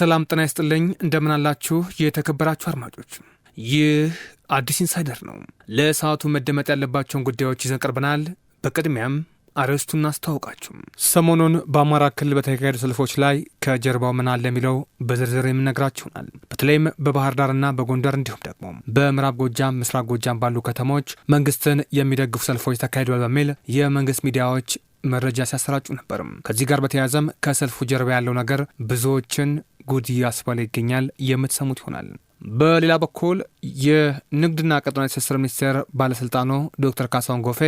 ሰላም ጤና ይስጥልኝ። እንደምናላችሁ የተከበራችሁ አድማጮች፣ ይህ አዲስ ኢንሳይደር ነው። ለሰዓቱ መደመጥ ያለባቸውን ጉዳዮች ይዘን ቀርበናል። በቅድሚያም አርዕስቱን እናስተዋውቃችሁ። ሰሞኑን በአማራ ክልል በተካሄዱ ሰልፎች ላይ ከጀርባው ምን አለ የሚለው በዝርዝር የምነግራችሁናል። በተለይም በባህር ዳርና በጎንደር እንዲሁም ደግሞ በምዕራብ ጎጃም፣ ምስራቅ ጎጃም ባሉ ከተሞች መንግስትን የሚደግፉ ሰልፎች ተካሂደዋል በሚል የመንግስት ሚዲያዎች መረጃ ሲያሰራጩ ነበርም። ከዚህ ጋር በተያያዘም ከሰልፉ ጀርባ ያለው ነገር ብዙዎችን ጎጂ እያስባለ ይገኛል። የምትሰሙት ይሆናል። በሌላ በኩል የንግድና ቀጠና ትስስር ሚኒስቴር ባለስልጣኑ ዶክተር ካሳሁን ጎፌ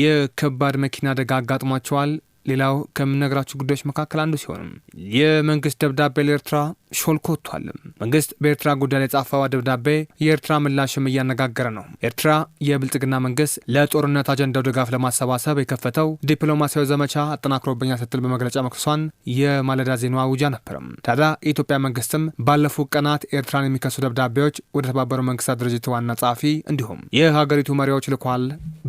የከባድ መኪና አደጋ አጋጥሟቸዋል ሌላው ከምነግራቸው ጉዳዮች መካከል አንዱ ሲሆንም የመንግስት ደብዳቤ ለኤርትራ ሾልኮ ወጥቷልም። መንግስት በኤርትራ ጉዳይ ላይ የጻፈው ደብዳቤ የኤርትራ ምላሽም እያነጋገረ ነው። ኤርትራ የብልጽግና መንግስት ለጦርነት አጀንዳው ድጋፍ ለማሰባሰብ የከፈተው ዲፕሎማሲያዊ ዘመቻ አጠናክሮብኛ ስትል በመግለጫ መክሷን የማለዳ ዜናዋ ውጃ ነበርም። ታዲያ የኢትዮጵያ መንግስትም ባለፉት ቀናት ኤርትራን የሚከሱ ደብዳቤዎች ወደ ተባበሩ መንግስታት ድርጅት ዋና ጸሐፊ እንዲሁም የሀገሪቱ መሪዎች ልኳል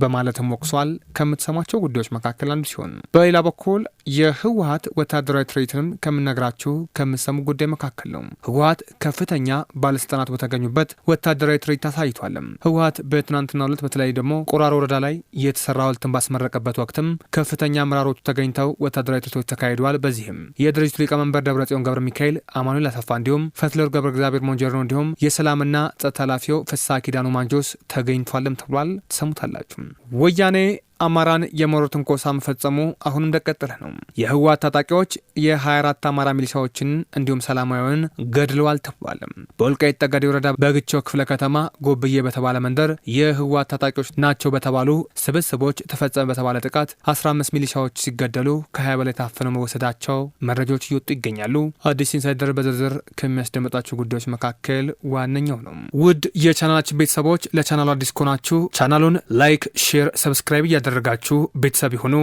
በማለትም ወቅሷል። ከምትሰማቸው ጉዳዮች መካከል አንዱ ሲሆን በሌላ በኩል የህወሀት ወታደራዊ ትርኢትንም ከምነግራችሁ ከምሰሙ ጉዳይ መካከል ነው። ህወሀት ከፍተኛ ባለስልጣናት በተገኙበት ወታደራዊ ትርኢት አሳይቷለም። ህወሀት በትናንትናው ዕለት በተለይ ደግሞ ቆራሮ ወረዳ ላይ የተሰራ ሐውልትን ባስመረቀበት ወቅትም ከፍተኛ አመራሮቹ ተገኝተው ወታደራዊ ትርኢቶች ተካሂደዋል። በዚህም የድርጅቱ ሊቀመንበር ደብረጽዮን ገብረ ሚካኤል፣ አማኑኤል አሰፋ እንዲሁም ፈትለወርቅ ገብረ እግዚአብሔር ሞንጀሪኖ እንዲሁም የሰላምና ጸጥታ ኃላፊው ፍስሐ ኪዳኑ ማንጆስ ተገኝቷልም ተብሏል። ትሰሙታላችሁ ወያኔ አማራን የሞሮ ትንኮሳ መፈጸሙ አሁንም እንደቀጠለ ነው። የህወሓት ታጣቂዎች የ24 አማራ ሚሊሻዎችን እንዲሁም ሰላማዊውን ገድለዋል ተብሏል። በወልቃይት ጠገዴ ወረዳ በግቸው ክፍለ ከተማ ጎብዬ በተባለ መንደር የህወሓት ታጣቂዎች ናቸው በተባሉ ስብስቦች ተፈጸመ በተባለ ጥቃት 15 ሚሊሻዎች ሲገደሉ ከ20 በላይ ታፍነው መወሰዳቸው መረጃዎች እየወጡ ይገኛሉ። አዲስ ኢንሳይደር በዝርዝር ከሚያስደምጣቸው ጉዳዮች መካከል ዋነኛው ነው። ውድ የቻናላችን ቤተሰቦች ለቻናሉ አዲስ ከሆናችሁ ቻናሉን ላይክ፣ ሼር፣ ሰብስክራይብ እያደ እያደረጋችሁ ቤተሰብ የሆኑ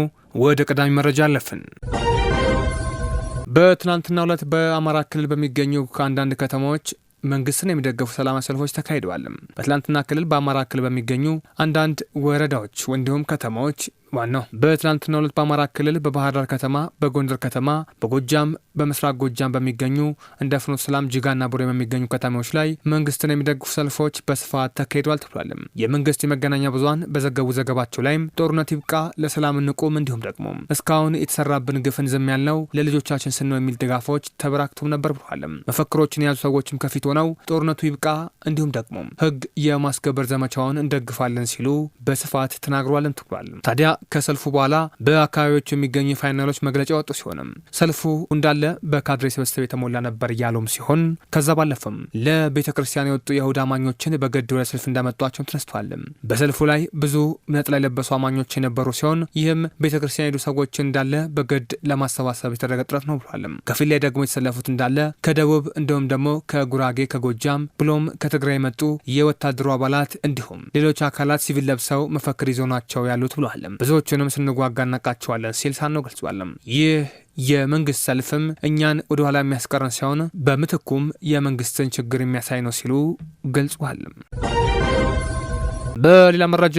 ወደ ቀዳሚ መረጃ አለፍን። በትናንትናው ዕለት በአማራ ክልል በሚገኙ ከአንዳንድ ከተማዎች መንግስትን የሚደገፉ ሰላማዊ ሰልፎች ተካሂደዋል። በትላንትና ክልል በአማራ ክልል በሚገኙ አንዳንድ ወረዳዎች እንዲሁም ከተማዎች ዋናው በትናንትናው ዕለት በአማራ ክልል በባህር ዳር ከተማ፣ በጎንደር ከተማ፣ በጎጃም፣ በምስራቅ ጎጃም በሚገኙ እንደ ፍኖተ ሰላም፣ ጅጋና ቡሬ በሚገኙ ከተማዎች ላይ መንግስትን የሚደግፉ ሰልፎች በስፋት ተካሂደዋል ተብሏልም። የመንግስት የመገናኛ ብዙኃን በዘገቡ ዘገባቸው ላይም ጦርነት ይብቃ፣ ለሰላም እንቁም፣ እንዲሁም ደግሞ እስካሁን የተሰራብን ግፍን ዝም ያልነው ለልጆቻችን ስነው የሚል ድጋፎች ተበራክቶም ነበር ብሏልም። መፈክሮችን የያዙ ሰዎችም ከፊት ሆነው ጦርነቱ ይብቃ፣ እንዲሁም ደግሞ ህግ የማስከበር ዘመቻውን እንደግፋለን ሲሉ በስፋት ተናግሯልም ተብሏል። ታዲያ ከሰልፉ በኋላ በአካባቢዎቹ የሚገኙ ፋይናሎች መግለጫ ወጡ ሲሆንም ሰልፉ እንዳለ በካድሬ ስብስብ የተሞላ ነበር እያሉም ሲሆን ከዛ ባለፈም ለቤተ ክርስቲያን የወጡ የይሁዳ አማኞችን በግድ ወደ ሰልፍ እንዳመጧቸውም ተነስቷል። በሰልፉ ላይ ብዙ ነጠላ የለበሱ አማኞች የነበሩ ሲሆን ይህም ቤተ ክርስቲያን የሄዱ ሰዎች እንዳለ በግድ ለማሰባሰብ የተደረገ ጥረት ነው ብሏል። ከፊል ላይ ደግሞ የተሰለፉት እንዳለ ከደቡብ እንዲሁም ደግሞ ከጉራጌ ከጎጃም ብሎም ከትግራይ የመጡ የወታደሩ አባላት እንዲሁም ሌሎች አካላት ሲቪል ለብሰው መፈክር ይዞ ናቸው ያሉት ብሏል። ብዙዎቹንም ስንዋጋ እናቃቸዋለን ሲል ሳኖ ገልጿል። ይህ የመንግስት ሰልፍም እኛን ወደኋላ የሚያስቀረን ሲሆን በምትኩም የመንግስትን ችግር የሚያሳይ ነው ሲሉ ገልጿል። በሌላ መረጃ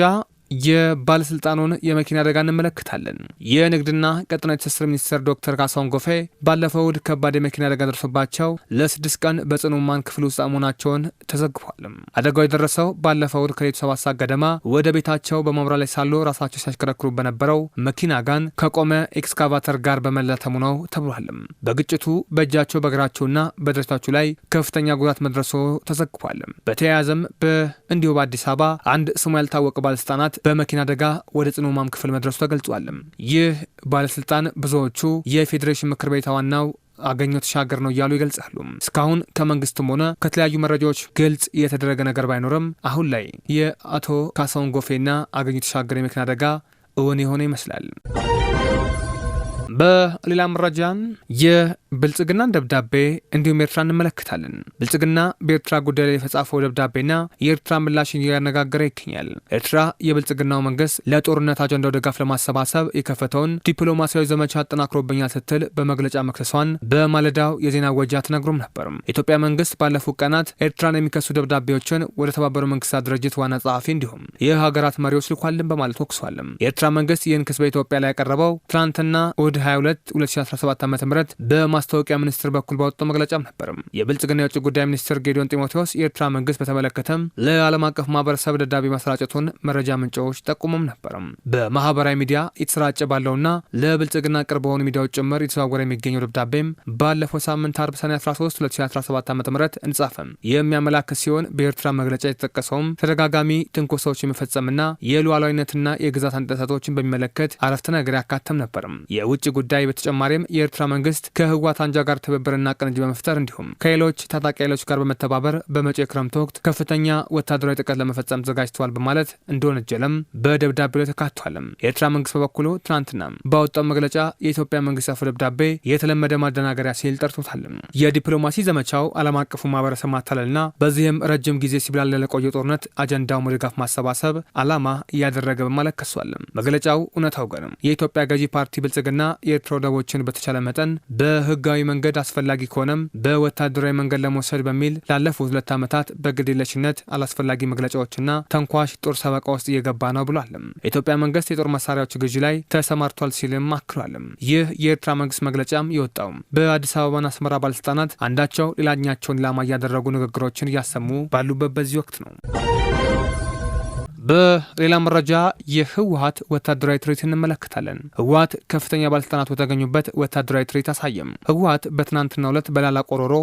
የባለስልጣኑን የመኪና አደጋ እንመለከታለን። የንግድና ቀጣናዊ ትስስር ሚኒስትር ዶክተር ካሳሁን ጎፌ ባለፈው እሁድ ከባድ የመኪና አደጋ ደርሶባቸው ለስድስት ቀን በጽኑ ሕሙማን ክፍል ውስጥ መሆናቸውን ተዘግቧል። አደጋው የደረሰው ባለፈው እሁድ ከሌቱ ሰባት ሰዓት ገደማ ወደ ቤታቸው በማምራት ላይ ሳሉ ራሳቸው ሲያሽከረክሩ በነበረው መኪና ጋን ከቆመ ኤክስካቫተር ጋር በመላተሙ ነው ተብሏል። በግጭቱ በእጃቸው በእግራቸውና በደረታቸው ላይ ከፍተኛ ጉዳት መድረሱ ተዘግቧል። በተያያዘም በእንዲሁ በአዲስ አበባ አንድ ስሙ ያልታወቀ ባለስልጣናት ሕጻናት በመኪና አደጋ ወደ ጽኑ ሕሙማን ክፍል መድረሱ ተገልጿል። ይህ ባለስልጣን ብዙዎቹ የፌዴሬሽን ምክር ቤት ዋናው አገኘው ተሻገር ነው እያሉ ይገልጻሉ። እስካሁን ከመንግስትም ሆነ ከተለያዩ መረጃዎች ግልጽ የተደረገ ነገር ባይኖርም አሁን ላይ የአቶ ካሳሁን ጎፌና አገኘው ተሻገር የመኪና አደጋ እውን የሆነ ይመስላል። በሌላ መረጃ የብልጽግናን ደብዳቤ እንዲሁም ኤርትራ እንመለከታለን። ብልጽግና በኤርትራ ጉዳይ ላይ የተጻፈው ደብዳቤና የኤርትራ ምላሽ እያነጋገረ ይገኛል። ኤርትራ የብልጽግናው መንግስት ለጦርነት አጀንዳው ድጋፍ ለማሰባሰብ የከፈተውን ዲፕሎማሲያዊ ዘመቻ አጠናክሮብኛል ስትል በመግለጫ መክሰሷን በማለዳው የዜና ወጃ ተነግሮም ነበር። የኢትዮጵያ መንግስት ባለፉት ቀናት ኤርትራን የሚከሱ ደብዳቤዎችን ወደ ተባበሩ መንግስታት ድርጅት ዋና ጸሐፊ እንዲሁም የሀገራት መሪዎች ልኳልን በማለት ወቅሷል። የኤርትራ መንግስት ይህን ክስ በኢትዮጵያ ላይ ያቀረበው ትናንትና ወደ 22 2017 ዓ ም በማስታወቂያ ሚኒስቴር በኩል ባወጣው መግለጫም ነበርም። የብልጽግና የውጭ ጉዳይ ሚኒስትር ጌዲዮን ጢሞቴዎስ የኤርትራ መንግስት በተመለከተም ለዓለም አቀፍ ማህበረሰብ ደብዳቤ ማሰራጨቱን መረጃ ምንጮች ጠቁሞም ነበርም። በማህበራዊ ሚዲያ የተሰራጨ ባለውና ለብልጽግና ቅርብ በሆኑ ሚዲያዎች ጭምር የተዘዋወረ የሚገኘው ደብዳቤም ባለፈው ሳምንት አርብ ሰኔ 13 2017 ዓ ም እንጻፈም የሚያመላክት ሲሆን በኤርትራ መግለጫ የተጠቀሰውም ተደጋጋሚ ትንኮሳዎች የሚፈጸምና የሉዓላዊነትና የግዛት አንጠሳቶችን በሚመለከት አረፍተ ነገር ያካተም ነበርም። የውጭ ጉዳይ በተጨማሪም የኤርትራ መንግስት ከህወሓት አንጃ ጋር ትብብርና ቅንጅ በመፍጠር እንዲሁም ከሌሎች ታጣቂ ኃይሎች ጋር በመተባበር በመጪው ክረምት ወቅት ከፍተኛ ወታደራዊ ጥቃት ለመፈጸም ተዘጋጅተዋል በማለት እንደወነጀለም በደብዳቤ ላይ ተካቷልም። የኤርትራ መንግስት በበኩሉ ትናንትና ባወጣው መግለጫ የኢትዮጵያ መንግስት አፈ ደብዳቤ የተለመደ ማደናገሪያ ሲል ጠርቶታል። የዲፕሎማሲ ዘመቻው ዓለም አቀፉ ማህበረሰብ ማታለልና በዚህም ረጅም ጊዜ ሲብላል ለቆየ ጦርነት አጀንዳውን ድጋፍ ማሰባሰብ ዓላማ እያደረገ በማለት ከሷልም። መግለጫው እውነታው ገርም የኢትዮጵያ ገዢ ፓርቲ ብልጽግና የኤርትራ ወደቦችን በተቻለ መጠን በህጋዊ መንገድ አስፈላጊ ከሆነም በወታደራዊ መንገድ ለመውሰድ በሚል ላለፉት ሁለት ዓመታት በግድየለሽነት አላስፈላጊ መግለጫዎችና ተንኳሽ ጦር ሰበቃ ውስጥ እየገባ ነው ብሏል። የኢትዮጵያ መንግስት የጦር መሳሪያዎች ግዢ ላይ ተሰማርቷል ሲልም አክሏል። ይህ የኤርትራ መንግስት መግለጫም የወጣው በአዲስ አበባና አስመራ ባለስልጣናት አንዳቸው ሌላኛቸውን ላማ እያደረጉ ንግግሮችን እያሰሙ ባሉበት በዚህ ወቅት ነው። በሌላ መረጃ የህወሀት ወታደራዊ ትርኢት እንመለከታለን። ህወሀት ከፍተኛ ባለስልጣናት በተገኙበት ወታደራዊ ትርኢት አሳየም። ህወሀት በትናንትናው ዕለት በላላ ቆሮሮ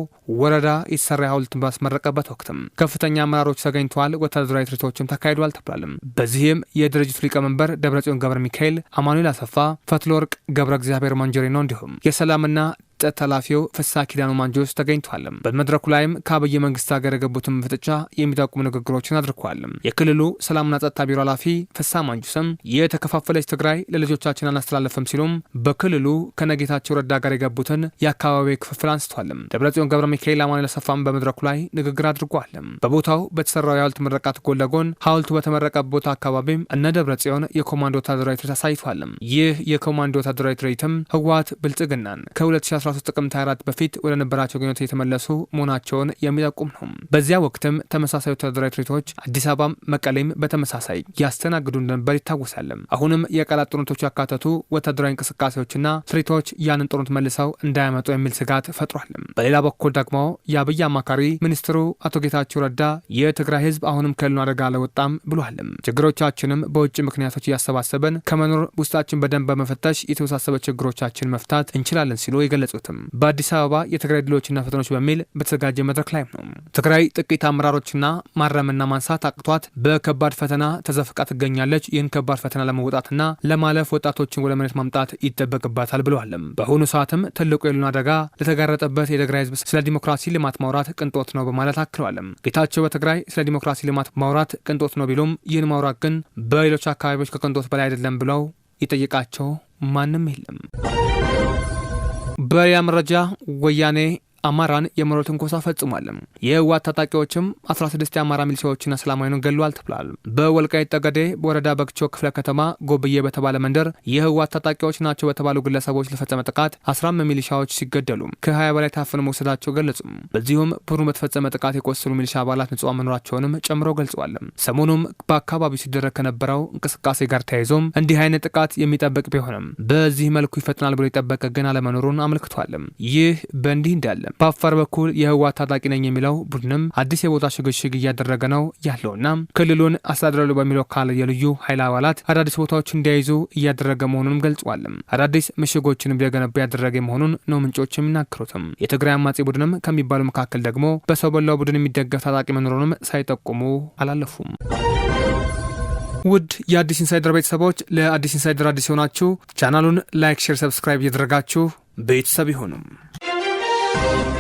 ወረዳ የተሰራ ሐውልት ባስመረቀበት ወቅትም ከፍተኛ አመራሮች ተገኝተዋል። ወታደራዊ ትርኢቶችም ተካሂደዋል ተብሏልም። በዚህም የድርጅቱ ሊቀመንበር ደብረጽዮን ገብረ ሚካኤል፣ አማኑኤል አሰፋ፣ ፈትለወርቅ ገብረ እግዚአብሔር መንጀሬ ነው እንዲሁም የሰላምና መስጠት ኃላፊው ፍሳ ኪዳኑ ማንጆስ ተገኝቷል። በመድረኩ ላይም ከአብይ መንግስት ጋር የገቡትን ፍጥጫ የሚጠቁሙ ንግግሮችን አድርጓል። የክልሉ ሰላምና ጸጥታ ቢሮ ኃላፊ ፍስሐ ማንጆስም የተከፋፈለች ትግራይ ለልጆቻችን አናስተላለፍም ሲሉም በክልሉ ከነጌታቸው ረዳ ጋር የገቡትን የአካባቢ ክፍፍል አንስቷል። ደብረጽዮን ገብረ ሚካኤል አማኑኤል አሰፋም በመድረኩ ላይ ንግግር አድርጓል። በቦታው በተሰራው የሐውልት ምረቃት ጎን ለጎን ሐውልቱ በተመረቀ ቦታ አካባቢም እነ ደብረ ጽዮን የኮማንዶ ወታደራዊ ትርኢት አሳይቷል። ይህ የኮማንዶ ወታደራዊ ትርኢትም ህወሓት ብልጽግናን ከ2013 13 ጥቅምት በፊት ወደ ነበራቸው ግንኙነት የተመለሱ መሆናቸውን የሚጠቁም ነው። በዚያ ወቅትም ተመሳሳይ ወታደራዊ ትርኢቶች አዲስ አበባም መቀሌም በተመሳሳይ ያስተናግዱ እንደነበር ይታወሳል። አሁንም የቃላት ጦርነቶች ያካተቱ ወታደራዊ እንቅስቃሴዎችና ትርኢቶች ያንን ጦርነት መልሰው እንዳያመጡ የሚል ስጋት ፈጥሯል። በሌላ በኩል ደግሞ የአብይ አማካሪ ሚኒስትሩ አቶ ጌታቸው ረዳ የትግራይ ህዝብ አሁንም ከሉን አደጋ አልወጣም ብሏል። ችግሮቻችንም በውጭ ምክንያቶች እያሰባሰበን ከመኖር ውስጣችን በደንብ በመፈተሽ የተወሳሰበ ችግሮቻችን መፍታት እንችላለን ሲሉ የገለጹት ያሉትም በአዲስ አበባ የትግራይ ድሎችና ፈተኖች በሚል በተዘጋጀ መድረክ ላይ ነው። ትግራይ ጥቂት አመራሮችና ማረምና ማንሳት አቅቷት በከባድ ፈተና ተዘፍቃ ትገኛለች። ይህን ከባድ ፈተና ለመውጣትና ለማለፍ ወጣቶችን ወደ መሬት ማምጣት ይጠበቅባታል ብለዋልም። በአሁኑ ሰዓትም ትልቁ የሉን አደጋ ለተጋረጠበት የትግራይ ህዝብ ስለ ዲሞክራሲ ልማት ማውራት ቅንጦት ነው በማለት አክለዋልም። ጌታቸው በትግራይ ስለ ዲሞክራሲ ልማት ማውራት ቅንጦት ነው ቢሉም ይህን ማውራት ግን በሌሎች አካባቢዎች ከቅንጦት በላይ አይደለም ብለው ይጠይቃቸው ማንም የለም። በሪያ መረጃ ወያኔ አማራን የመሮ ትንኮሳ ፈጽሟል። የህወሓት ታጣቂዎችም 16 የአማራ ሚሊሻዎችና ሰላማዊን ገሏል ተብሏል። በወልቃይት ጠገዴ በወረዳ በግቾ ክፍለ ከተማ ጎብዬ በተባለ መንደር የህወሓት ታጣቂዎች ናቸው በተባሉ ግለሰቦች ለፈጸመ ጥቃት 15 ሚሊሻዎች ሲገደሉ ከ20 በላይ ታፍነው መውሰዳቸው ገለጹ። በዚሁም ቡድኑ በተፈጸመ ጥቃት የቆሰሉ ሚሊሻ አባላት ንጹሐን መኖራቸውንም ጨምሮ ገልጸዋል። ሰሞኑም በአካባቢው ሲደረግ ከነበረው እንቅስቃሴ ጋር ተያይዞም እንዲህ አይነት ጥቃት የሚጠበቅ ቢሆንም በዚህ መልኩ ይፈጥናል ብሎ የጠበቀ ግን አለመኖሩን አመልክቷል። ይህ በእንዲህ እንዳለ በአፋር በኩል የህወሓት ታጣቂ ነኝ የሚለው ቡድንም አዲስ የቦታ ሽግሽግ እያደረገ ነው ያለውና ክልሉን አስተዳድራሉ በሚለው ካል የልዩ ኃይል አባላት አዳዲስ ቦታዎች እንዲያይዙ እያደረገ መሆኑንም ገልጿል። አዳዲስ ምሽጎችንም እንዲያገነቡ ያደረገ መሆኑን ነው ምንጮች የሚናገሩትም። የትግራይ አማጺ ቡድንም ከሚባሉ መካከል ደግሞ በሰው በላው ቡድን የሚደገፍ ታጣቂ መኖሩንም ሳይጠቁሙ አላለፉም። ውድ የአዲስ ኢንሳይደር ቤተሰቦች ለአዲስ ኢንሳይደር አዲስ የሆናችሁ ቻናሉን ላይክ፣ ሼር፣ ሰብስክራይብ እያደረጋችሁ ቤተሰብ ይሁኑም። you